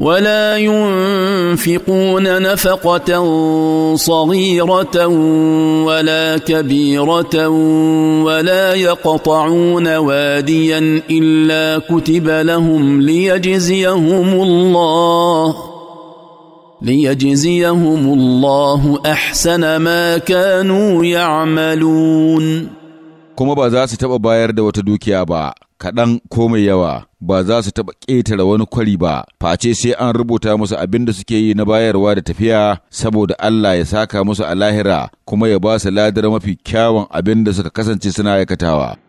ولا ينفقون نفقه صغيره ولا كبيره ولا يقطعون واديا الا كتب لهم ليجزيهم الله ليجزيهم الله احسن ما كانوا يعملون كما ba za su taɓa kaɗan ko mai yawa ba za su taɓa ƙetare wani kwari ba, face sai an rubuta musu abin da suke yi na bayarwa da tafiya, saboda Allah ya saka musu a lahira kuma ya ba su ladar mafi kyawun abin da suka kasance suna aikatawa.